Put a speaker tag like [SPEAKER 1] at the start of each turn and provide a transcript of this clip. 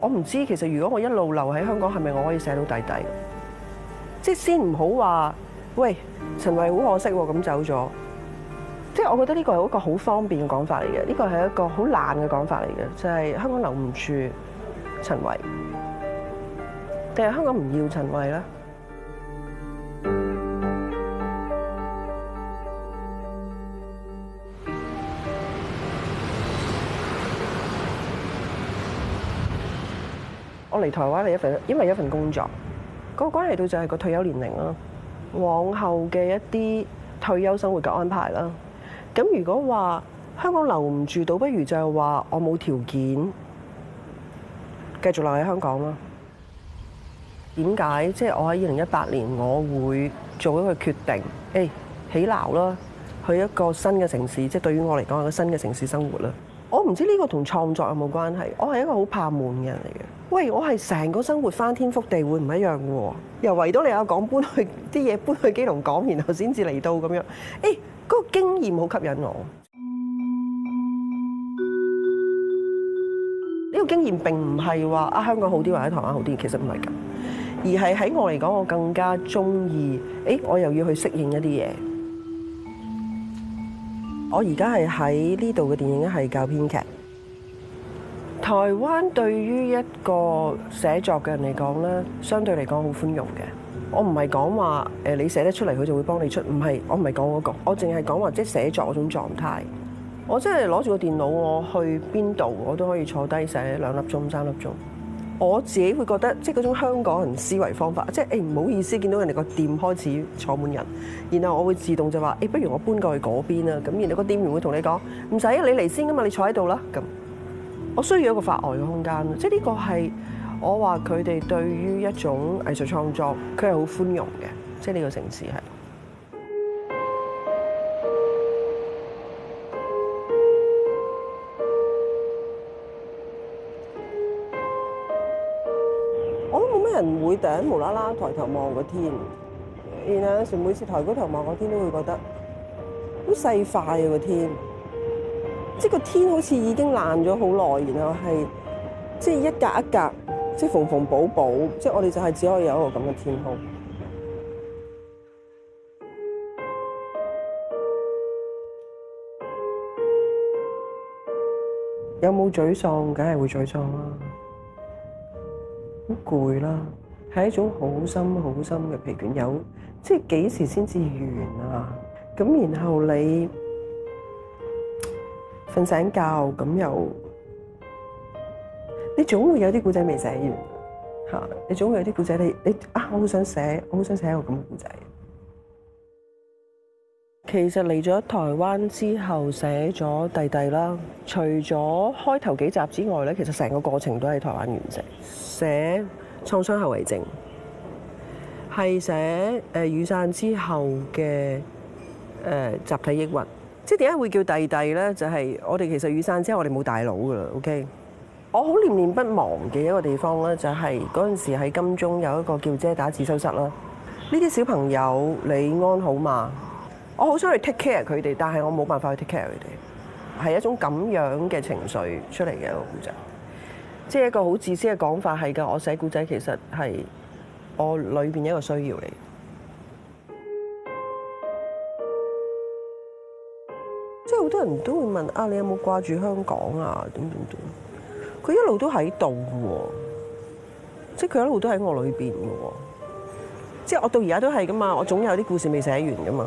[SPEAKER 1] 我唔知，其實如果我一路留喺香港，係咪我可以寫到弟弟？即係先唔好話，喂，陳慧好可惜喎，咁走咗。即係我覺得呢個係一個好方便嘅講法嚟嘅，呢個係一個好懶嘅講法嚟嘅，就係香港留唔住陳慧。定係香港唔要陳慧啦。我嚟台灣係一份，因為一份工作。嗰個關係到就係個退休年齡啦，往後嘅一啲退休生活嘅安排啦。咁如果話香港留唔住，倒不如就係話我冇條件繼續留喺香港啦。點解即係我喺二零一八年，我會做一個決定，誒、欸、起樓啦，去一個新嘅城市，即係對於我嚟講，係個新嘅城市生活啦。我唔知呢個同創作有冇關係。我係一個好怕悶嘅人嚟嘅。喂，我係成個生活翻天覆地，會唔一樣嘅喎？由維多利亞港搬去啲嘢搬去基隆港，然後先至嚟到咁樣、欸。誒，嗰個經驗好吸引我。呢個經驗並唔係話啊香港好啲，或者台灣好啲，其實唔係㗎。而係喺我嚟講，我更加鍾意，誒，我又要去適應一啲嘢。我而家係喺呢度嘅電影系教編劇。台灣對於一個寫作嘅人嚟講咧，相對嚟講好寬容嘅。我唔係講話誒，你寫得出嚟佢就會幫你出，唔係，我唔係講嗰個，我淨係講話即係寫作嗰種狀態。我即係攞住個電腦，我去邊度我都可以坐低寫兩粒鐘、三粒鐘。我自己會覺得，即係嗰種香港人思維方法，就是，即係誒唔好意思，見到人哋個店開始坐滿人，然後我會自動就話誒不如我搬過去嗰邊啊，啦，咁然後個店員會同你講唔使你嚟先噶嘛，你坐喺度啦，咁我需要一個發呆嘅空間，即係呢個係我話佢哋對於一種藝術創作，佢係好寬容嘅，即係呢個城市係。人會突然無啦啦抬頭望個天，然後有時每次抬頭望個天都會覺得很細，快好細塊啊個天，即係個天好似已經爛咗好耐，然後係即係一格一格，即係縫縫補補，即、就、係、是、我哋就係只可以有一個咁嘅天空有沒有。有冇沮喪？梗係會沮喪啦。好攰啦，係一種好深好深嘅疲倦，有即係幾時先至完啊？咁然後你瞓醒覺咁又，你總會有啲故仔未寫完吓，你總會有啲故仔你你啊，我好想寫，我好想寫一個咁嘅故仔。其實嚟咗台灣之後，寫咗《弟弟》啦。除咗開頭幾集之外呢，其實成個過程都喺台灣完成寫，寫創傷後遺症，係寫誒雨傘之後嘅、呃、集體抑鬱。即係點解會叫弟弟呢？就係、是、我哋其實雨傘之後，我哋冇大佬噶啦。OK，我好念念不忘嘅一個地方呢，就係嗰陣時喺金鐘有一個叫遮打自修室啦。呢啲小朋友，你安好嘛？我好想去 take care 佢哋，但係我冇辦法去 take care 佢哋，係一種咁樣嘅情緒出嚟嘅一個故仔，即係一個好自私嘅講法係㗎。我寫故仔其實係我裏邊一個需要嚟，即係好多人都會問啊，你有冇掛住香港啊？點點點，佢一路都喺度喎，即係佢一路都喺我裏邊嘅喎，即係我到而家都係㗎嘛，我總有啲故事未寫完㗎嘛。